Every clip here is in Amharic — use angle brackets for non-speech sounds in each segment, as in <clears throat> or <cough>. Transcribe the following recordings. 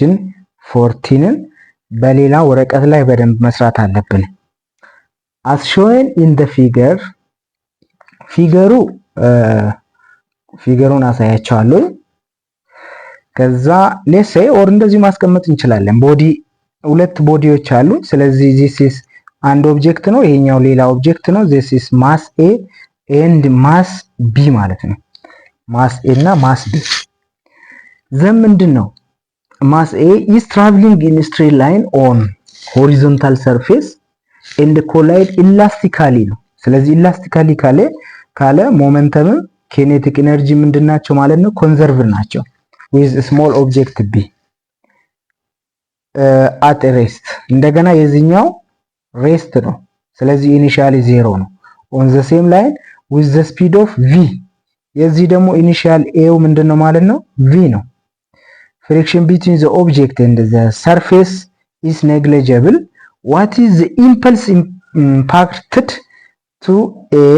ፎርቲን ፎርቲንን በሌላ ወረቀት ላይ በደንብ መስራት አለብን። አስሾይን ኢን ደ ፊገር ፊገሩ ፊገሩን አሳያቸዋለሁ። ከዛ ሌሴ ኦር እንደዚህ ማስቀመጥ እንችላለን። ቦዲ ሁለት ቦዲዎች አሉ። ስለዚህ ዚስ አንድ ኦብጀክት ነው፣ ይሄኛው ሌላ ኦብጀክት ነው። ዚስ ማስ ኤ ኤንድ ማስ ቢ ማለት ነው። ማስ ኤ እና ማስ ቢ ዘ ምንድን ነው mass A is traveling in a straight line on horizontal surface and collide elastically ነው። ስለዚህ elastically ካለ ካለ ሞመንተም ኬኔቲክ ኤነርጂ ምንድን ናቸው ማለት ነው? ኮንዘርቭ ናቸው። with small object B at rest እንደገና የዚህኛው ሬስት ነው። ስለዚህ ኢኒሺያሊ ዜሮ ነው። on the same line with the speed of v የዚህ ደግሞ ኢኒሺያል ኤው ምንድን ነው ማለት ነው? v ነው። friction between ዘ ኦብጀክት and the surface is negligible. What is the impulse impacted to a?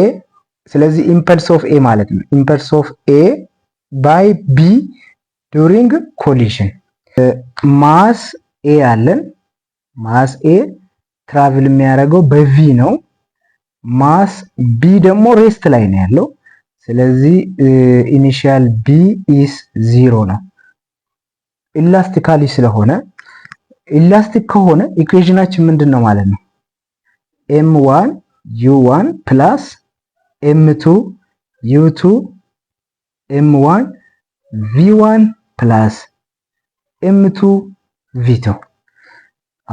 ስለዚህ ኢምፐልስ ኦፍ ኤ ማለት ነው። ኢምፐልስ ኦፍ ኤ ባይ ቢ ዱሪንግ ኮሊዥን ማስ ኤ አለን። ማስ ኤ ትራቭል የሚያደርገው በቪ ነው። ማስ ቢ ደግሞ ሬስት ላይ ነው ያለው። ስለዚህ ኢኒሺያል ቢ ኢስ ዚሮ ነው። ኢላስቲካሊ ስለሆነ ኢላስቲክ ከሆነ ኢኩዌዥናችን ምንድን ነው ማለት ነው? ኤም ዋን ዩ ዋን ፕላስ ኤም ቱ ዩ ቱ ኤም ዋን ቪ ዋን ፕላስ ኤም ቱ ቪ ቱ።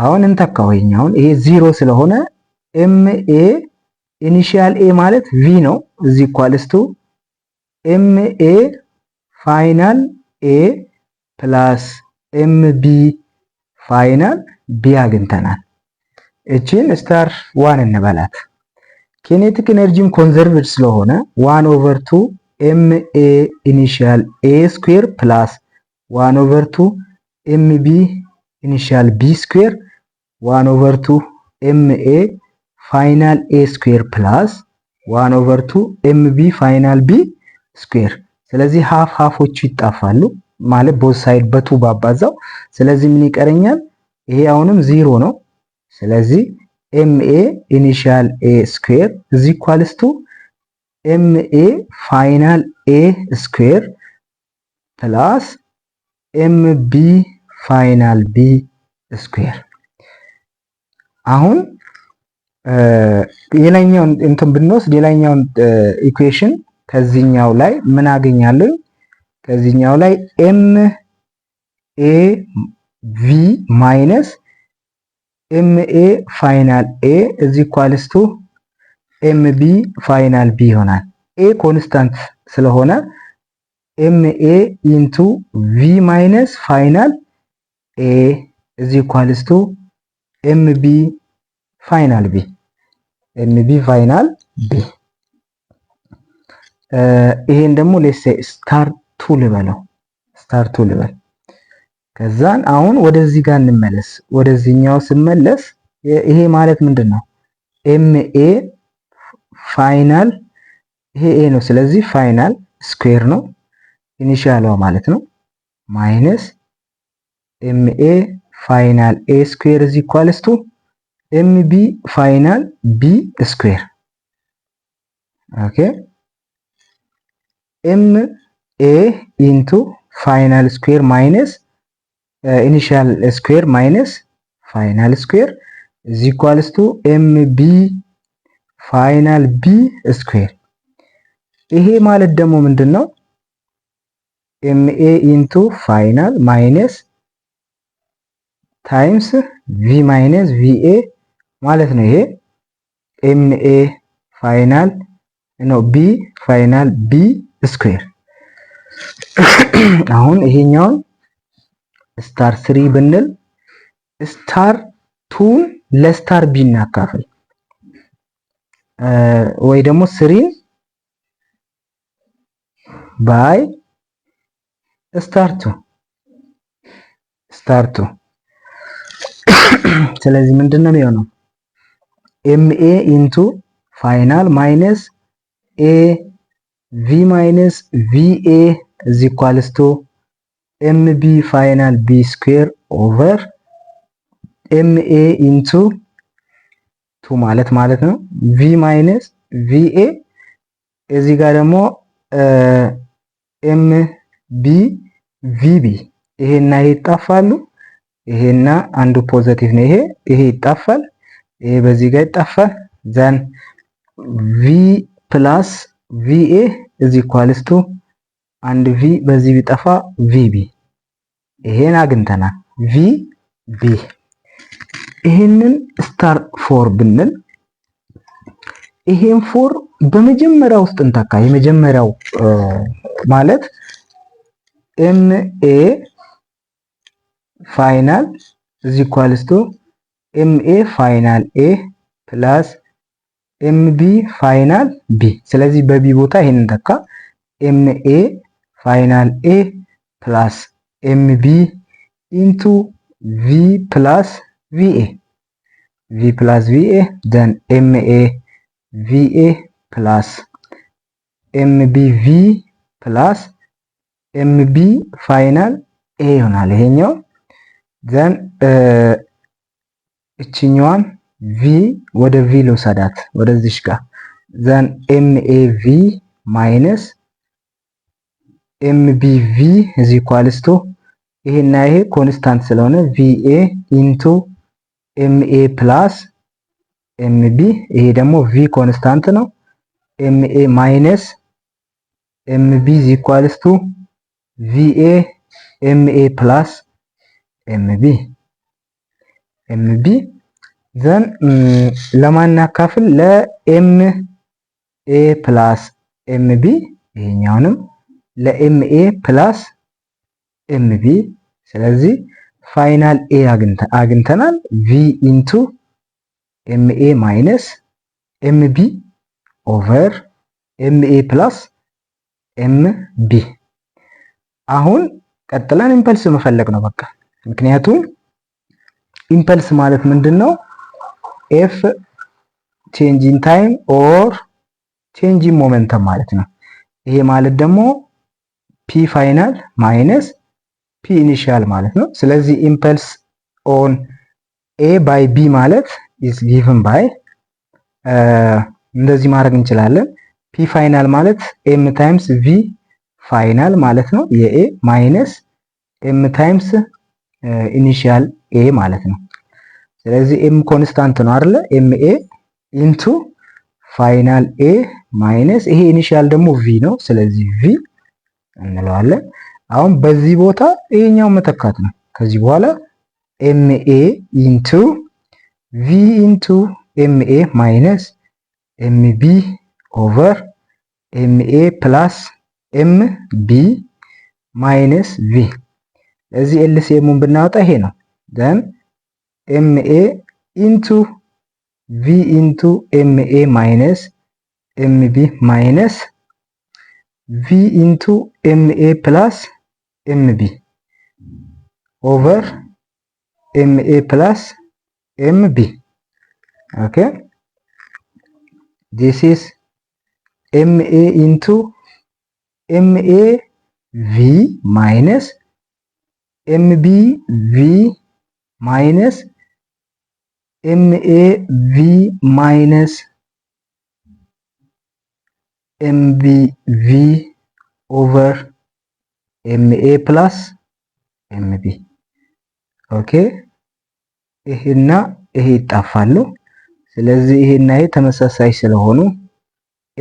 አሁን እንተካው ይኛውን። ይሄ ዚሮ ስለሆነ ኤም ኤ ኢኒሺያል ኤ ማለት ቪ ነው። እዚ ኳልስቱ ኤም ኤ ፋይናል ኤ ፕላስ ኤምቢ ፋይናል ቢ አግኝተናል። እቺን ስታር ዋን እንበላት። ኬኔቲክ ኤነርጂም ኮንዘርቭድ ስለሆነ ዋን ኦቨር ቱ ኤም ኤ ኢኒሺያል ኤ ስኩዌር ፕላስ ዋን ኦቨር ቱ ኤም ቢ ኢኒሺያል ቢ ስኩዌር ዋን ኦቨር ቱ ኤም ፋይናል ኤ ስኩዌር ፕላስ ዋን ኦቨር ቱ ኤም ፋይናል ቢ ስኩዌር። ስለዚህ ሀፍ ሀፎቹ ይጣፋሉ። ማለት ቦዝ ሳይድ በቱ ባባዛው። ስለዚህ ምን ይቀረኛል? ይሄ አሁንም ዚሮ ነው። ስለዚህ ኤምኤ ኢኒሻል ኤ ስኩዌር እዚ ኢኳልስ ቱ ኤምኤ ፋይናል ኤ ስኩዌር ፕላስ ኤምቢ ፋይናል ቢ ስኩዌር። አሁን የላይኛውን እንትን ብንወስድ ሌላኛውን ኢኩዌሽን ከዚህኛው ላይ ምን አገኛለን? ከዚህኛው ላይ ኤም ኤ ቪ ማይነስ ኤም ኤ ፋይናል ኤ እዚ ኳልስቱ ኤም ቢ ፋይናል ቢ ይሆናል። ኤ ኮንስታንት ስለሆነ ኤም ኤ ኢንቱ ቪ ማይነስ ፋይናል ኤ እዚ ኳልስቱ ኤም ቢ ፋይናል ቢ ኤም ቢ ፋይናል ቢ። ይሄን ደግሞ ሌሴ ስታር ቱ ልበለው ስታር ቱ ልበል። ከዛን አሁን ወደዚህ ጋር እንመለስ። ወደዚህኛው ስመለስ ይሄ ማለት ምንድን ነው? ኤ ፋይናል ይሄ ኤ ነው። ስለዚህ ፋይናል ስኩዌር ነው ኢኒሻሏ ማለት ነው ማይነስ ኤም ኤ ፋይናል ኤ ስኩዌር እዚ ኤም ቢ ፋይናል ቢ ስኩዌር ኦኬ ኤም ኤ ኢንቱ ፋይናል ስኩዌር ማይነስ ኢኒሻል ስኩዌር ማይነስ ፋይናል ስኩዌር እዚ ኳልስቱ ኤም ቢ ፋይናል ቢ ስኩዌር። ይሄ ማለት ደግሞ ምንድን ነው? ኤም ኤ ኢንቱ ፋይናል ማይነስ ታይምስ ቪ ማይነስ ቪ ኤ ማለት ነው። ይሄ ኤም ኤ ፋይናል ቢ ፋይናል ቢ ስኩዌር <clears throat> አሁን ይሄኛውን ስታር ስሪ ብንል ስታር ቱን ለስታር ቢ እናካፍል ወይ ደግሞ ስሪን ባይ ስታር ቱ ስታር ቱ። <clears throat> ስለዚህ ምንድን ነው የሚሆነው? ኤምኤ ኢንቱ ፋይናል ማይነስ ኤ ቪ ማይነስ ቪኤ እዚ ኢኳልስ ቱ ኤምቢ ፋይናል ቢ ስኩዌር ኦቨር ኤምኤ ኢንቱ ቱ ማለት ማለት ነው። ቪ ማይነስ ቪኤ እዚህ ጋር ደግሞ ኤም ቢ ቪ ቢ ይሄና ይሄ ይጣፋሉ። ይሄና አንዱ ፖዘቲቭ ነው። ይሄ ይሄ ይጣፋል። ይሄ በዚህ ጋር ይጣፋል። ዘን ቪ ፕላስ ቪኤ እዚ ኢኳልስ ቱ አንድ ቪ በዚህ ቢጠፋ ቪቢ ይሄን አግኝተናል። ቪ ቢ ይሄንን ስታር ፎር ብንል ይሄን ፎር በመጀመሪያ ውስጥ እንተካ። የመጀመሪያው ማለት ኤም ኤ ፋይናል እዚ ኢኳልስ ኤም ኤ ፋይናል ኤ ፕላስ ኤም ቢ ፋይናል ቢ። ስለዚህ በቢ ቦታ ይሄን እንተካ ኤም ኤ ፋይናል ኤ ፕላስ ኤምቢ ኢንቱ ቪ ፕላስ ቪኤ ቪ ፕላስ ኤ ደን ኤምኤ ቪኤ ፕላስ ኤምቢ ቪ ፕላስ ኤምቢ ፋይናል ኤ ይሆናል። ይሄኛው ዘን እችኛዋን ቪ ወደ ቪ ልውሰዳት ወደዚሽ ጋር ዘን ኤምኤ ቪ ማይነስ ኤምቢቪ እዚ ኳልስቱ ይሄና ይሄ ኮንስታንት ስለሆነ ቪኤ ኢንቱ ኤምኤ ፕላስ ኤምቢ ይሄ ደግሞ ቪ ኮንስታንት ነው። ኤምኤ ማይነስ ኤምቢ ዚ ኳልስቱ ቪኤ ኤምኤ ፕላስ ኤምቢ ኤምቢ ዘን ለማናካፍል ለኤምኤ ፕላስ ኤምቢ ይሄኛውንም ለኤምኤ ፕላስ ኤምቢ ስለዚህ ፋይናል ኤ አግኝተናል። ቪ ኢንቱ ኤምኤ ማይነስ ኤምቢ ኦቨር ኤምኤ ፕላስ ኤምቢ። አሁን ቀጥለን ኢምፐልስ መፈለግ ነው በቃ። ምክንያቱም ኢምፐልስ ማለት ምንድን ነው? ኤፍ ቼንጅ ኢን ታይም ኦር ቼንጅ ኢን ሞመንተም ማለት ነው። ይሄ ማለት ደግሞ ፒ ፋይናል ማይነስ ፒ ኢኒሺያል ማለት ነው። ስለዚህ ኢምፐልስ ኦን ኤ ባይ ቢ ማለት ኢዝ ጊቭን ባይ እንደዚህ ማድረግ እንችላለን። ፒ ፋይናል ማለት ኤም ታይምስ ቪ ፋይናል ማለት ነው የኤ ማይነስ ኤም ታይምስ ኢኒሺያል ኤ ማለት ነው። ስለዚህ ኤም ኮንስታንት ነው አይደለ? ኤም ኤ ኢንቱ ፋይናል ኤ ማይነስ ይሄ ኢኒሺያል ደግሞ ቪ ነው። ስለዚህ ቪ እንለዋለን። አሁን በዚህ ቦታ ይሄኛው መተካት ነው። ከዚህ በኋላ ኤምኤ ኢንቱ ቪ ኢንቱ ኤምኤ ማይነስ ኤምቢ ኦቨር ኤምኤ ፕላስ ኤም ቢ ማይነስ ቪ ለዚህ ኤልሲኤሙን ብናወጣ ይሄ ነው። ዘን ኤምኤ ኢንቱ ቪ ኢንቱ ኤምኤ ማይነስ ኤምቢ ማይነስ ቪ ኢንቱ ኤምኤ ፕላስ ኤምቢ ኦቨር ኤምኤ ፕላስ ኤምቢ ኦኬ ዲስ ኢዝ ኤምኤ ኢንቱ ኤምኤ ቪ ማይነስ ኤምቢ ቪ ማይነስ ኤምኤ ቪ ማይነስ ኤምቪ ኦቨር ኤምኤ ፕላስ ኤምቢ ኦኬ። ይሄና ይሄ ይጣፋሉ። ስለዚህ ይሄና ይሄ ተመሳሳይ ስለሆኑ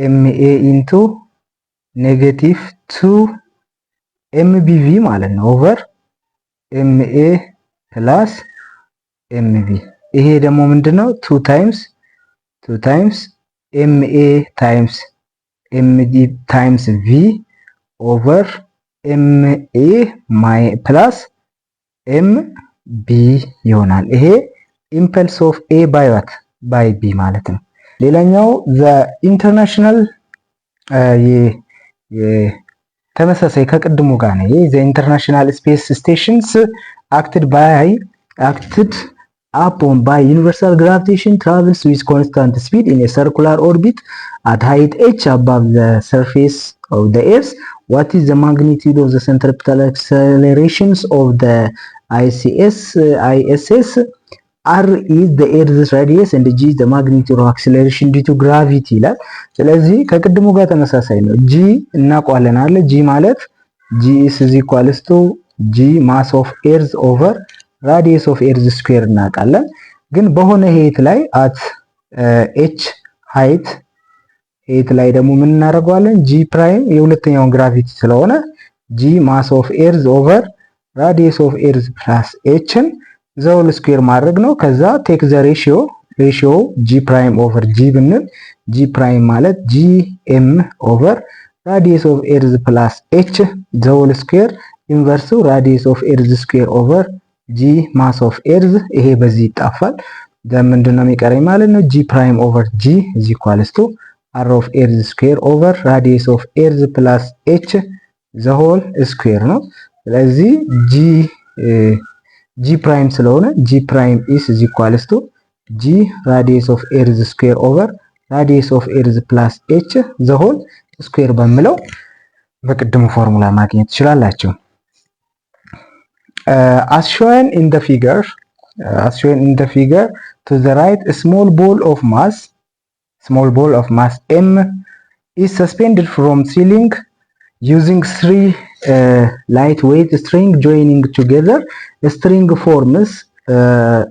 ኤምኤ ኢንቱ ኔጌቲቭ ቱ ኤምቢቪ ማለት ነው ኦቨር ኤምኤ ፕላስ ኤምቢ። ይሄ ደግሞ ምንድነው? ቱ ታይምስ ቱ ታይምስ ኤምኤ ታይምስ ኤምዲ ታይምስ ቪ ኦቨር ኤምኤ ፕላስ ኤም ቢ ይሆናል። ይሄ ኢምፐልስ ኦፍ ኤ ባይ ዋት ባይ ቢ ማለት ነው። ሌላኛው ዘ ኢንተርናሽናል ተመሳሳይ ከቅድሙ ጋር ነው። ዘ ኢንተርናሽናል ስፔስ ስቴሽንስ አክትድ ባይ አክትድ upon by universal gravitation travels with constant speed in a circular orbit at height h above the surface of the earth what is the magnitude of the centripetal accelerations of the ICS ISS r is the earth's radius and g is the magnitude of acceleration due to gravity ይላል ስለዚህ ከቅድሙ ጋር ተመሳሳይ ነው g እናውቀዋለን አለ g ማለት g is equals to g mass of earth over ራዲየስ ኦፍ ኤርዝ ስኩዌር እናውቃለን። ግን በሆነ ሄት ላይ አት ኤች ሃይት ሄይት ላይ ደግሞ ምን እናደርገዋለን? ጂ ፕራይም የሁለተኛውን ግራቪቲ ስለሆነ ጂ ማስ ኦፍ ኤርዝ ኦቨር ራዲየስ ኦፍ ኤርዝ ፕላስ ኤችን ዘውል ስኩዌር ማድረግ ነው። ከዛ ቴክ ዘ ሬሽዮ ሬሽዮ ጂ ፕራይም ኦቨር ጂ ብንል ጂ ፕራይም ማለት ጂ ኤም ኦቨር ራዲየስ ኦፍ ኤርዝ ፕላስ ኤች ዘውል ስኩዌር ኢንቨርሱ ራዲየስ ኦፍ ኤርዝ ስኩዌር ኦቨር ጂ ማስ ኦፍ ኤርዝ ይሄ በዚህ ይጣፋል። ደም ምንድን ነው የሚቀረኝ ማለት ነው። ጂ ፕራይም ኦቨር ጂ ኢዝ ኢኳልስ ቱ አር ኦፍ ኤርዝ ስኩዌር ኦቨር ራዲየስ ኦፍ ኤርዝ ፕላስ ኤች ዘሆል ስኩዌር ነው። ስለዚህ ጂ ጂ ፕራይም ስለሆነ ጂ ፕራይም ኢስ ኢዝ ኢኳልስ ጂ ራዲየስ ኦፍ ኤርዝ ስኩዌር ኦቨር ራዲየስ ኦፍ ኤርዝ ፕላስ ኤች ዘሆል ስኩዌር በምለው በቅድሙ ፎርሙላ ማግኘት ትችላላችሁ። Uh, as shown in the figure uh, as shown in the figure to the right a small ball of mass small ball of mass m is suspended from ceiling using three uh, lightweight string joining together the string forms uh,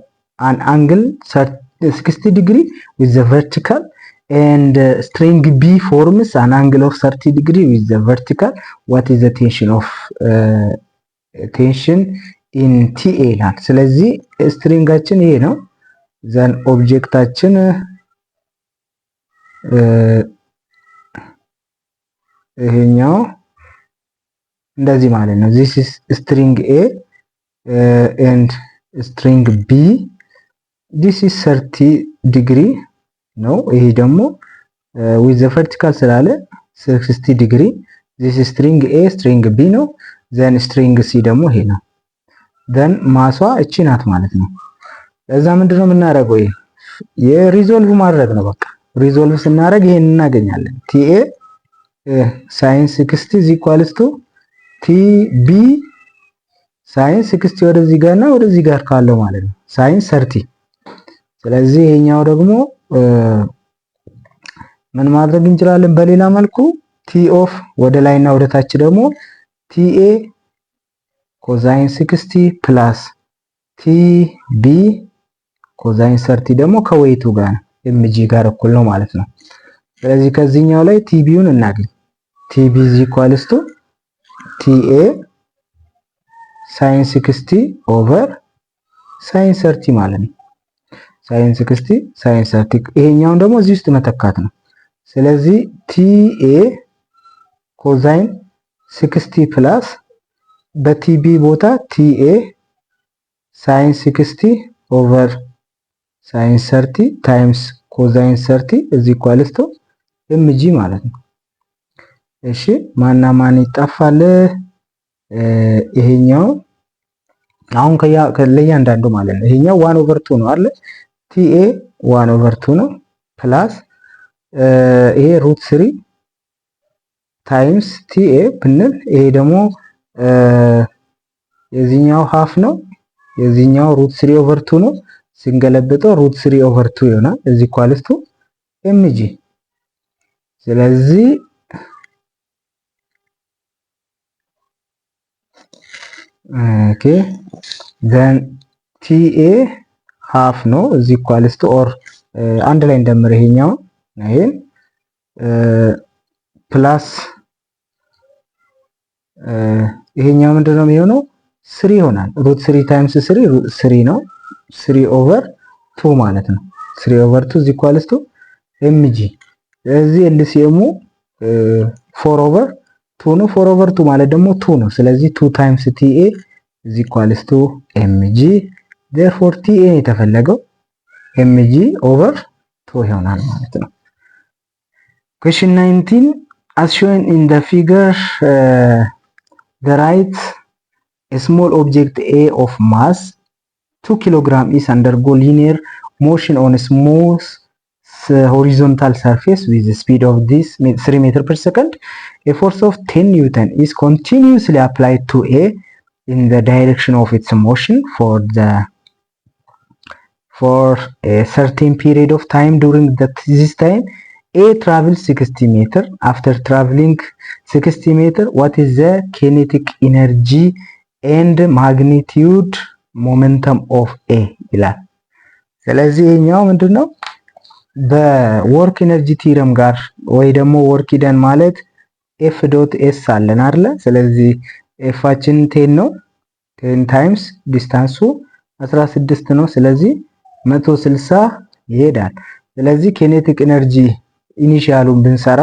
an angle 60 degree with the vertical and uh, string b forms an angle of 30 degree with the vertical what is the tension of uh, ቴንሽን ኢን ኤ ይላል ስለዚህ ስትሪንጋችን ይሄ ነው። ዘን ኦብጀክታችን ይሄኛው እንደዚህ ማለት ነው። ዚስ ኢዝ ስትሪንግ ኤ ኤንድ ስትሪንግ ቢ ዲስ ኢዝ ሰርቲ ዲግሪ ነው። ይሄ ደግሞ ዊዝ ዘ ቨርቲካል ስላለ 60 ዲግሪ ዚስ ስትሪንግ ኤ ስትሪንግ ቢ ነው። ዘን ስትሪንግ ሲ ደግሞ ይሄ ነው። ዘን ማሷ እቺ ናት ማለት ነው። ለዛ ምንድነው የምናደርገው? የሪዞልቭ ማድረግ ነው። በቃ ሪዞልቭ ስናደርግ ይሄን እናገኛለን። ቲኤ ሳይንስ ሲክስቲ ኢዝ ኢኳልስ ቱ ቢ ሳይንስ ሲክስቲ ወደዚህ ጋር እና ወደዚህ ጋር ካለው ማለት ነው ሳይንስ ሰርቲ። ስለዚህ ይሄኛው ደግሞ ምን ማድረግ እንችላለን? በሌላ መልኩ ቲ ኦፍ ወደ ላይና ወደ ታች ደግሞ ቲኤ ኮዛይን ሲክስቲ ፕላስ ቲቢ ኮዛይን ሰርቲ ደግሞ ከወይቱ ጋር ኤምጂ ጋር እኩል ነው ማለት ነው። ስለዚህ ከዚህኛው ላይ ቲቢውን እናገኝ። ቲቢ ኢዝ ኢኳልስ ቲኤ ሳይን ሲክስቲ ኦቨር ሳይን ሰርቲ ማለት ነው። ሳይን ሲክስቲ ሳይን ሰርቲ ይሄኛውን ደግሞ እዚህ ውስጥ መተካት ነው። ስለዚህ ቲኤ ኮዛይን ሲክስቲ ፕላስ በቲቢ ቦታ ቲኤ ሳይን ሲክስቲ ኦቨር ሳይን ሰርቲ ታይምስ ኮዛይን ሰርቲ እዚ ኳልስቶ ኤምጂ ማለት ነው። እሺ ማና ማን ይጣፋል? ይሄኛው አሁን ለእያንዳንዱ ማለት ነው። ይሄኛው ዋን ኦቨር ቱ ነው አለ ቲኤ ዋን ኦቨር ቱ ነው ፕላስ ይሄ ሩት ስሪ ታይምስ ቲኤ ብንል ይሄ ደግሞ የዚህኛው ሀፍ ነው። የዚህኛው ሩት ስሪ ኦቨር ቱ ነው። ስንገለብጠው ሩት ስሪ ኦቨር ቱ ይሆናል። እዚ ኳልስቱ ኤምጂ ስለዚህ ኦኬ ዘን ቲኤ ሀፍ ነው። እዚ ኳልስቱ ኦር አንድ ላይ እንደምር ይሄኛው ይሄን ፕላስ ይሄኛው ምንድነው የሚሆነው ስሪ ይሆናል። ሩት ስሪ ታይምስ ስሪ ስሪ ነው። ስሪ ኦቨር ቱ ማለት ነው። ስሪ ኦቨር ቱ እዚህ ኳልስ ቱ ኤምጂ እዚህ ኤልሲኤሙ ፎር ኦቨር ቱ ነው። ፎር ኦቨር ቱ ማለት ደግሞ ቱ ነው። ስለዚህ ቱ ታይምስ ቲኤ እዚህ ኳልስ ቱ ኤምጂ ዴርፎር ቲኤ የተፈለገው ኤምጂ ኦቨር ቱ ይሆናል ማለት ነው። ኩዌሽን 19 አስ ሾን ኢን the ፊገር The right, a small object A of mass 2 kilogram is undergo linear motion on a smooth horizontal surface with the speed of this 3 meter per second. A force of 10 newton is continuously applied to A in the direction of its motion for the for a certain period of time during that this time a travel 60 meter after traveling 60 meter what is the kinetic energy and magnitude momentum of a ይላል። ስለዚህ ይሄኛው ምንድነው በወርክ ኤነርጂ ቲረም ጋር ወይ ደግሞ ወርክ ሂደን ማለት ኤፍ ዶት ኤስ አለን አይደለ? ስለዚህ ኤፋችን ቴን ነው። ቴን ታይምስ ዲስታንሱ 16 ነው። ስለዚህ 160 ይሄዳል። ስለዚህ ኬኔቲክ ኤነርጂ ኢኒሺያሉን ብንሰራ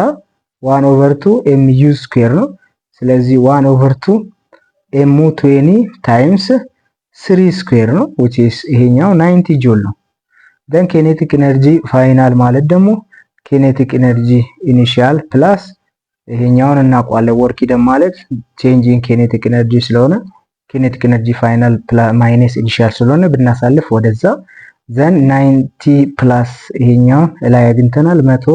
ዋን ኦቨርቱ ኤም ዩ ስኩዌር ነው። ስለዚህ ዋን ኦቨርቱ ኤሙ ትዌኒ ታይምስ ስሪ ስኩዌር ነው which is ይሄኛው 90 ጆል ነው። ደን ኬኔቲክ ኤነርጂ ፋይናል ማለት ደግሞ ኬኔቲክ ኤነርጂ ኢኒሺያል ፕላስ ይሄኛውን እናውቀዋለን ወርክ ሂደን ማለት ቼንጅ ኢን ኬኔቲክ ኤነርጂ ስለሆነ ኬኔቲክ ኤነርጂ ፋይናል ማይነስ ኢኒሺያል ስለሆነ ብናሳልፍ ወደዛ ዘን 90 ፕላስ ይሄኛውን ላይ አግኝተናል መቶ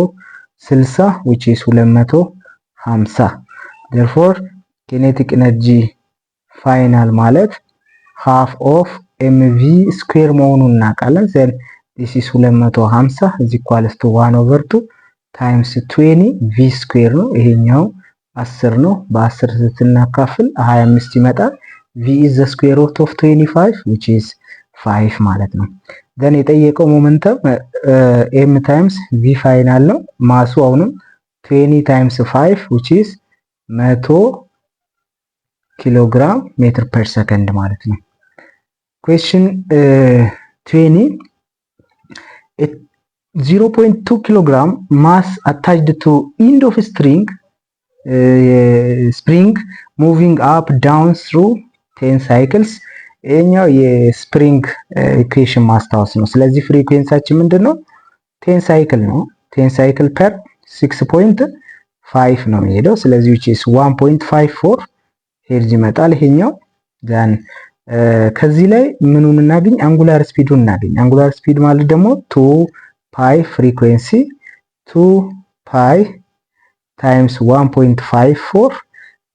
60 which is 250 therefore kinetic energy ፋይናል ማለት ሃፍ ኦፍ ኤምቪ ስኩዌር መሆኑን እናውቃለን። ዘን ዲስ ኢስ 250 ኢዝ ኢኳልስ ቱ 1 ኦቨር 2 ታይምስ 20 ቪ ስኩዌር ነው። ይሄኛው 10 ነው። በ10 ስትናካፍል 25 ይመጣል። ቪ ኢዝ ዘ ስኩዌር ሩት ኦፍ 25 which is 5 ማለት ነው። ደን የጠየቀው ሞመንተም ኤም ታይምስ ቪ ፋይናል ነው። ማሱ አሁንም ትዌኒ ታይምስ ፋይቭ ዊች ኢዝ መቶ ኪሎግራም ሜትር ፐር ሰከንድ ማለት ነው። ኩዌስችን ትዌኒ ዚሮ ፖይንት ቱ ኪሎግራም ማስ አታችድ ቱ ኢንድ ኦፍ ስትሪንግ ስፕሪንግ ሙቪንግ አፕ ዳውን ስሩ ቴን ሳይክልስ ይሄኛው የስፕሪንግ ኢኩዌሽን ማስታወስ ነው። ስለዚህ ፍሪኩዌንሳችን ምንድን ነው? ቴን ሳይክል ነው። ቴን ሳይክል ፐር ሲክስ ፖይንት ፋይቭ ነው የሚሄደው። ስለዚህ ዊች ኢዝ ዋን ፖይንት ፋይቭ ፎር ሄርዝ ይመጣል። ይሄኛው ዛን ከዚህ ላይ ምኑን እናገኝ? አንጉላር ስፒዱን እናገኝ። አንጉላር ስፒድ ማለት ደግሞ ቱ ፓይ ፍሪኩዌንሲ ቱ ፓይ ታይምስ ዋን ፖይንት ፋይቭ ፎር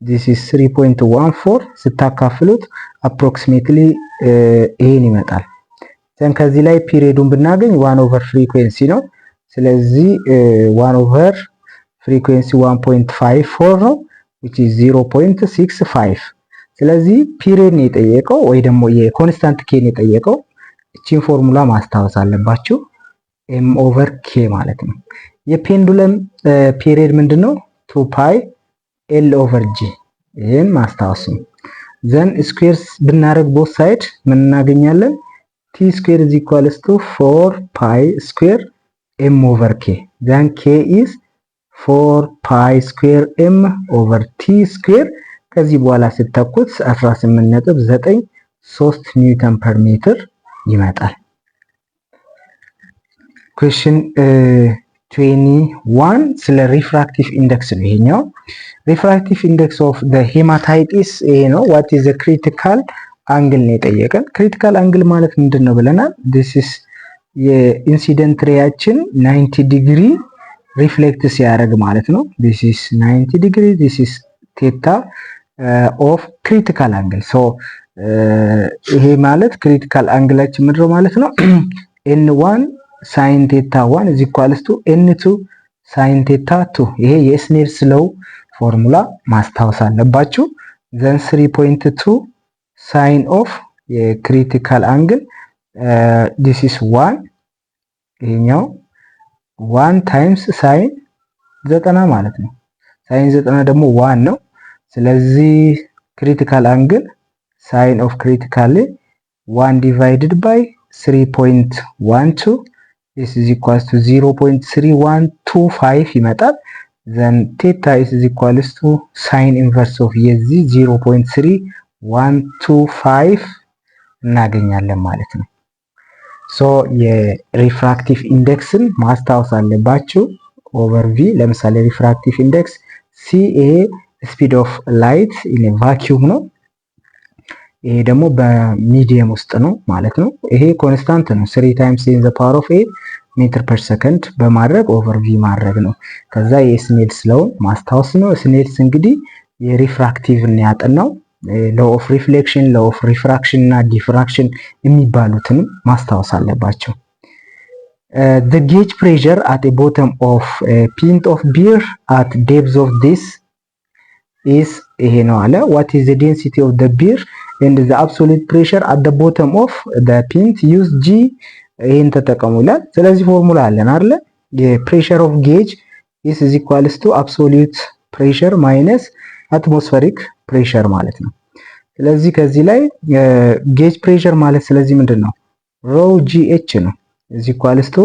ዲስ ኢዝ 3.14 ስታካፍሉት አፕሮክሲሜትሊ uh, ይሄን ይመጣል። ዘን ከዚህ ላይ ፒሪዱን ብናገኝ ዋን ኦቨር ፍሪኩዌንሲ ነው። ስለዚህ ዋን ኦቨር ፍሪኩዌንሲ 1.54 ነው which is 0.65 ስለዚህ ፒሪድ ነው የጠየቀው ወይ ደግሞ የኮንስታንት ኬን የጠየቀው። እቺን ፎርሙላ ማስታወስ አለባችሁ ኤም ኦቨር ኬ ማለት ነው። የፔንዱለም ፒሪድ uh, ምንድን ነው? ቱ ፓይ ኤል ኦቨር ጂ ይህን ማስታወስ ነው። ዘን ስኩዌር ብናደረግ ቦት ሳይድ ምን እናገኛለን? ቲ ስኩዌር ኢዝ ኢኳልስ ቱ ፎር ፓይ ስኩዌር ኤም ኦቨር ኬ ዘን ኬ ኢዝ ፎር ፓይ ስኩዌር ኤም ኦቨር ቲ ስኩዌር ከዚህ በኋላ ስተኩት 18.93 ኒውተን ፐር ሜትር ይመጣል። ኩዌሽን ትዌኒ ዋን ስለ ሪፍራክቲቭ ኢንደክስ ነው። ይሄኛው ሪፍራክቲቭ ኢንደክስ ኦፍ ሄማታይቲስ ይሄ ነው። ዋት ኢዝ ክሪቲካል አንግል ነው የጠየቀን። ክሪቲካል አንግል ማለት ምንድን ነው ብለናል። ዲስ የኢንሲደንት ሬያችን 90 ዲግሪ ሪፍሌክት ሲያደርግ ማለት ነው። ዲስ ኢዝ 90 ዲግሪ ዲስ ኢዝ ቴታ ኦፍ ክሪቲካል አንግል ሶ ይሄ ማለት ክሪቲካል አንግላችን ምድሮ ማለት ነው ኤን <clears throat> ዋን ሳይን ቴታ ዋን እዚ ኳልስ ቱ ኤን ቱ ሳይን ቱ። ይሄ የስኔልስ ሎው ፎርሙላ ማስታወስ አለባችሁ። ዘን ስሪ ፖይንት ቱ ሳይን ኦፍ የክሪቲካል አንግል ዲስ ኢስ ዋን ይሄኛው ዋን ታይምስ ሳይን ዘጠና ማለት ነው። ሳይን ዘጠና ደግሞ ዋን ነው። ስለዚህ ክሪቲካል አንግል ሳይን ኦፍ ክሪቲካል ዋን ዲቫይድድ ባይ ስሪ ፖይንት ዋን ቱ ኢስ ኢዝ ኢኳልስ ቱ 0.3125 ይመጣል። ዘን ቴታ ኢስ ኢዝ ኢኳልስ ቱ ሳይን ኢንቨርስ ኦፍ የዚህ 0.3125 እናገኛለን ማለት ነው። ሶ የሪፍራክቲቭ ኢንዴክስን ማስታወስ አለባችሁ። ኦቨርቪ ለምሳሌ ሪፍራክቲቭ ኢንዴክስ ሲኤ ስፒድ ኦፍ ላይት ኢን ቫኪዩም ነው። ይሄ ደግሞ በሚዲየም ውስጥ ነው ማለት ነው። ይሄ ኮንስታንት ነው። ስሪ ታይምስ ኢን ዘ ፓወር ኦፍ ኤት ሜትር ፐር ሰከንድ በማድረግ ኦቨር ቪ ማድረግ ነው። ከዛ የስኔልስ ሎውን ማስታወስ ነው። ስኔልስ እንግዲህ የሪፍራክቲቭን ያጠናው ሎው ኦፍ ሪፍሌክሽን፣ ሎው ኦፍ ሪፍራክሽን እና ዲፍራክሽን የሚባሉትን ማስታወስ አለባቸው። ዘ ጌጅ ፕሬዠር አት ቦተም ኦፍ ፒንት ኦፍ ቢር አት ዴፕዝ ኦፍ ዲስ ኢዝ ይሄ ነው አለ። ዋት ኢዝ ዴንሲቲ ኦፍ ዘ ቢር ኤንድ ዘ አብሶሉት ፕሬሸር አት ዘ ቦተም ኦፍ ዘ ፒንት ዩዝ ጂ ይሄን ተጠቀሙ ይላል። ስለዚህ ፎርሙላ አለን አይደለ? የፕሬሸር ኦፍ ጌጅ ኢስ ኢዝ ኢኳልስ ቱ አብሶሉት ፕሬሸር ማይነስ አትሞስፈሪክ ፕሬሸር ማለት ነው። ስለዚህ ከዚህ ላይ ጌጅ ፕሬሸር ማለት ስለዚህ ምንድን ነው? ሮው ጂ ኤች ነው ኢዝ ኢኳልስ ቱ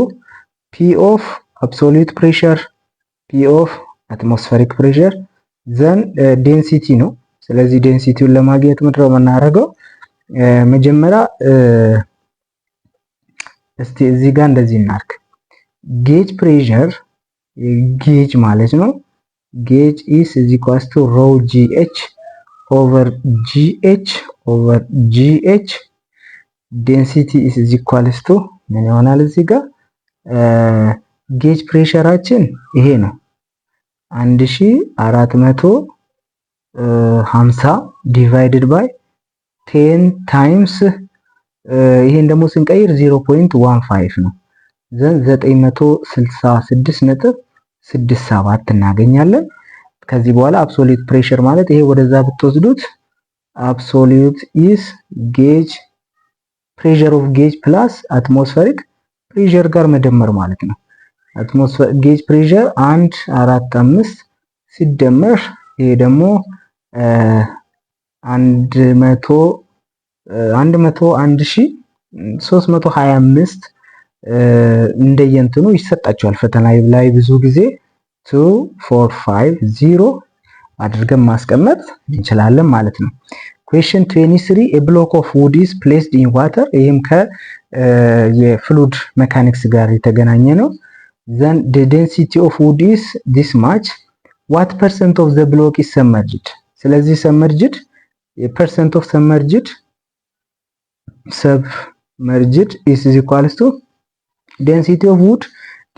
ፒ ኦፍ አብሶሉት ፕሬሸር ፒ ኦፍ አትሞስፈሪክ ፕሬሸር ዘን ዴንሲቲ ነው ስለዚህ ዴንሲቲውን ለማግኘት ነው የምናደርገው መጀመሪያ እስቲ እዚህ ጋር እንደዚህ እናርክ። ጌጅ ፕሬሸር ጌጅ ማለት ነው። ጌጅ ኢስ ኢዝ ኢኳልስ ቱ ሮው ጂኤች ኦቨር ጂኤች ኦቨር ጂኤች ዴንሲቲ ኢስ ኢዝ ኢኳልስ ቱ ምን ይሆናል? እዚህ ጋር ጌጅ ፕሬሽራችን ይሄ ነው 1400 50 ዲቫይድድ ባይ ቴን ታይምስ ይሄን ደግሞ ስንቀይር 0.15 ነው። ዘን 966 ነጥብ 67 እናገኛለን። ከዚህ በኋላ አብሶሊዩት ፕሬሽር ማለት ይሄ ወደዛ ብትወስዱት አብሶሊዩት ኢስ ጌጅ ፕሬሽር ኦፍ ጌጅ ፕላስ አትሞስፈሪክ ፕሬሽር ጋር መደመር ማለት ነው። አትሞስፈሪክ ጌጅ ፕሬሽር አንድ አራት አምስት ሲደመር ይሄ ደግሞ አንድ መቶ አንድ መቶ አንድ ሺህ ሶስት መቶ ሀያ አምስት እንደየንትኑ ይሰጣቸዋል። ፈተና ላይ ብዙ ጊዜ ቱ ፎር ፋይቭ ዚሮ አድርገን ማስቀመጥ እንችላለን ማለት ነው። ኩዌሽን ትዌንቲ ስሪ ብሎክ ኦፍ ውድ ኢዝ ፕሌስድ ኢን ዋተር። ይህም ከየፍሉድ መካኒክስ ጋር የተገናኘ ነው። ዘን ዴንሲቲ ኦፍ ውድ ኢዝ ዲስ ማች ዋት ፐርሰንት ኦፍ ዘ ብሎክ ኢዝ ሰብመርጅድ ስለዚህ ሰመርጅድ የፐርሰንት ኦፍ ሰመርጅድ ሰብ መርጅድ ኢስ ኢዝ ኢኳልስ ቱ ዴንሲቲ ኦፍ ውድ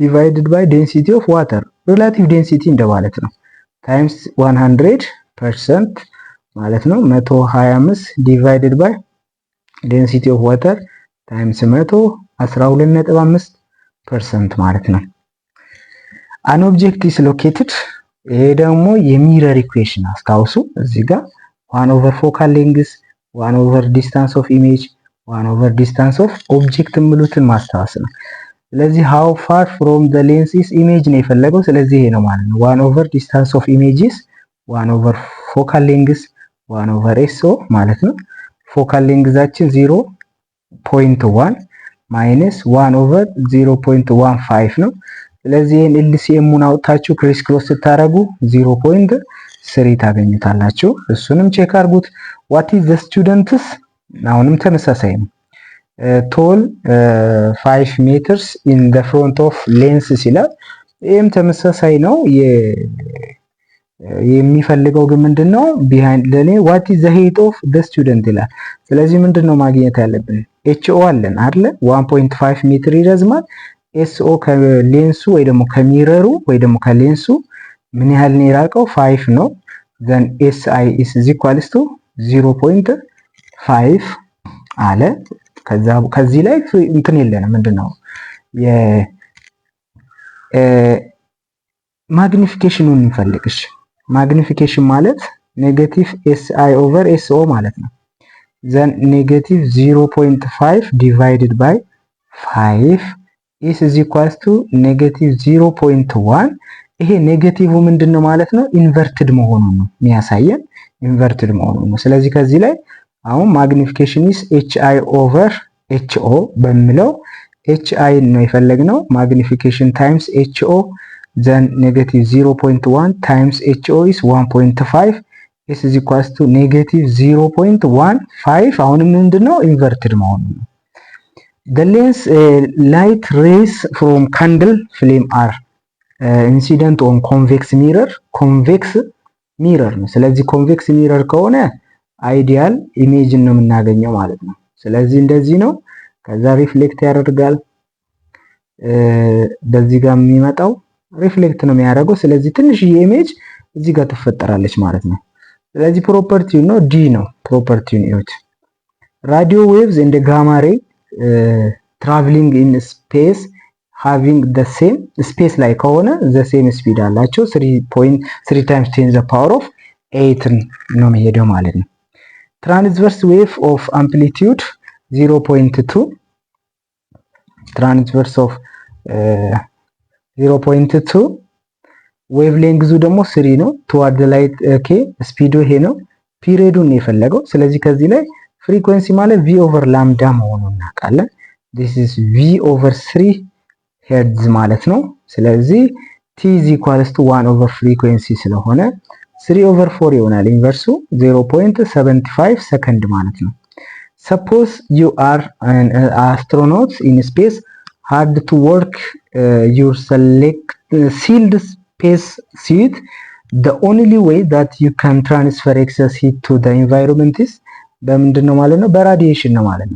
ዲቫይድድ ባይ ዴንሲቲ ኦፍ ዋተር ሪላቲቭ ዴንሲቲ እንደማለት ነው። ታይምስ 100 ፐርሰንት ማለት ነው። 125 ዲቫይድድ ባይ ዴንሲቲ ኦፍ ዋተር ታይምስ 100 12.5 ፐርሰንት ማለት ነው። አን ኦብጀክት ኢስ ሎኬትድ ይሄ ደግሞ የሚረር ኢኩዌሽን አስታውሱ። እዚህ ጋር ዋን ኦቨር ፎካል ሌንግስ፣ ዋን ኦቨር ዲስታንስ ኦፍ ኢሜጅ፣ ዋን ኦቨር ዲስታንስ ኦፍ ኦብጀክት የምሉትን ማስታወስ ነው። ስለዚህ ሃው ፋር ፍሮም ዘ ሌንስስ ኢሜጅ ነው የፈለገው። ስለዚህ ይሄ ነው ማለት ነው። ዋን ኦቨር ዲስታንስ ኦፍ ኢሜጅስ፣ ዋን ኦቨር ፎካል ሌንግስ፣ ዋን ኦቨር ኤስኦ ማለት ነው። ፎካል ሌንግዛችን 0.1 ፖይንት ዋን ማይነስ ዋን ኦቨር 0.15 ዋን ነው። ስለዚህ ይህን ኤልሲኤሙን አውጥታችሁ ክሪስ ክሮስ ስታደርጉ 0.3 ታገኙታላችሁ። እሱንም ቼክ አድርጉት። ዋት ኢዝ ዘ ስቱደንትስ አሁንም ተመሳሳይ ነው። ቶል 5 ሜትርስ ኢን ዘ ፍሮንት ኦፍ ሌንስ ሲላል ይህም ተመሳሳይ ነው። የሚፈልገው ግን ምንድን ነው? ቢሃይንድ ለኔ ዋት ኢዝ ዘ ሄይት ኦፍ ዘ ስቱደንት ይላል። ስለዚህ ምንድን ነው ማግኘት ያለብን? ኤችኦ አለን አይደለ? 1.5 ሜትር ይረዝማል። ኤስኦ ከሌንሱ ወይ ደግሞ ከሚረሩ ወይ ደግሞ ከሌንሱ ምን ያህል ነው የራቀው? ፋይፍ ነው። ዘን ኤስ አይ ኢስ ዚኳልስ ቱ ዚሮ ፖይንት ፋይፍ አለ። ከዚህ ላይ እንትን የለን ምንድን ነው ማግኒፊኬሽኑን እንፈልግሽ። ማግኒፊኬሽን ማለት ኔጌቲቭ ኤስ አይ ኦቨር ኤስኦ ማለት ነው። ዘን ኔጌቲቭ ዚሮ ፖይንት ፋይፍ ዲቫይድድ ባይ ፋይፍ ኢስ ኢዝ ኢኳልስ ቱ ኔጌቲቭ ዚሮ ዋን። ይሄ ኔጌቲቭ ምንድን ነው ማለት ነው? ኢንቨርትድ መሆኑን ነው የሚያሳየን፣ ኢንቨርትድ መሆኑን ነው። ስለዚህ ከዚህ ላይ አሁን ማግኒፊኬሽን ኢስ ኤች አይ ኦቨር ኤች ኦ በሚለው ኤች አይ ነው የፈለግነው። ማግኒፊኬሽን ታይምስ ኤች ኦ ዘን ኔጌቲቭ 0.1 ዋን ታይምስ ኤች ኦ ኢስ 1.5 ኢስ ኢዝ ኢኳልስ ቱ ኔጌቲቭ 0.15 አሁንም ምንድን ነው ኢንቨርትድ መሆኑን ነው። ሌንስ ላይት ሬስ ፍሮም ካንድል ፍሌም አር ኢንሲደንት ኦን ኮንቬክስ ሚረር ኮንቬክስ ሚረር ነው። ስለዚህ ኮንቬክስ ሚረር ከሆነ አይዲያል ኢሜጅን ነው የምናገኘው ማለት ነው። ስለዚህ እንደዚህ ነው። ከዛ ሪፍሌክት ያደርጋል። uh, በዚህ ጋር የሚመጣው ሪፍሌክት ነው የሚያደርገው። ስለዚህ ትንሽዬ ኢሜጅ እዚህ ጋር ትፈጠራለች ማለት ነው። ስለዚህ ፕሮፐርቲው ነው ዲ ነው ፕሮፐርቲውን ዩት ራዲዮ ዌቭዝ እንደ ጋማ ሬይ ትራቭሊንግ ኢን ስፔስ ሃቪንግ ዘ ሴም ስፔስ ላይ ከሆነ ዘ ሴም ስፒድ አላቸው። ስሪ ታይምስ ቴን ዘ ፓወር ኦፍ ኤይትን ነው መሄደው ማለት ነው። ትራንስቨርስ ዌቭ ኦፍ አምፕሊቲዩድ 0.2 ትራንስቨርስ ኦፍ 0.2 ዌቭ ሌንግዙ ደግሞ ስሪ ነው። ቱዋርድ ላይት ኬ ስፒዱ ይሄ ነው። ፒሪዱን የፈለገው። ስለዚህ ከዚህ ላይ ፍሪኩዌንሲ ማለት ቪ ኦቨር ላምዳ መሆኑ እናውቃለን። ዲስ ኢዝ ቪ ኦቨር ስሪ ሄርዝ ማለት ነው። ስለዚህ ቲ ኢዝ ኢኳልስ ቱ ዋን ኦቨር ፍሪኩዌንሲ ስለሆነ ስሪ ኦቨር ፎር ይሆናል ኢንቨርሱ 0.75 ሰከንድ ማለት ነው። ሰፖዝ ዩ አር አስትሮኖት ኢን ስፔስ ሃርድ ቱ ወርክ ዩር ሲልድ ስፔስ ሲት the only way that you can transfer excess heat to the environment is በምንድን ነው ማለት ነው? በራዲዬሽን ነው ማለት ነው።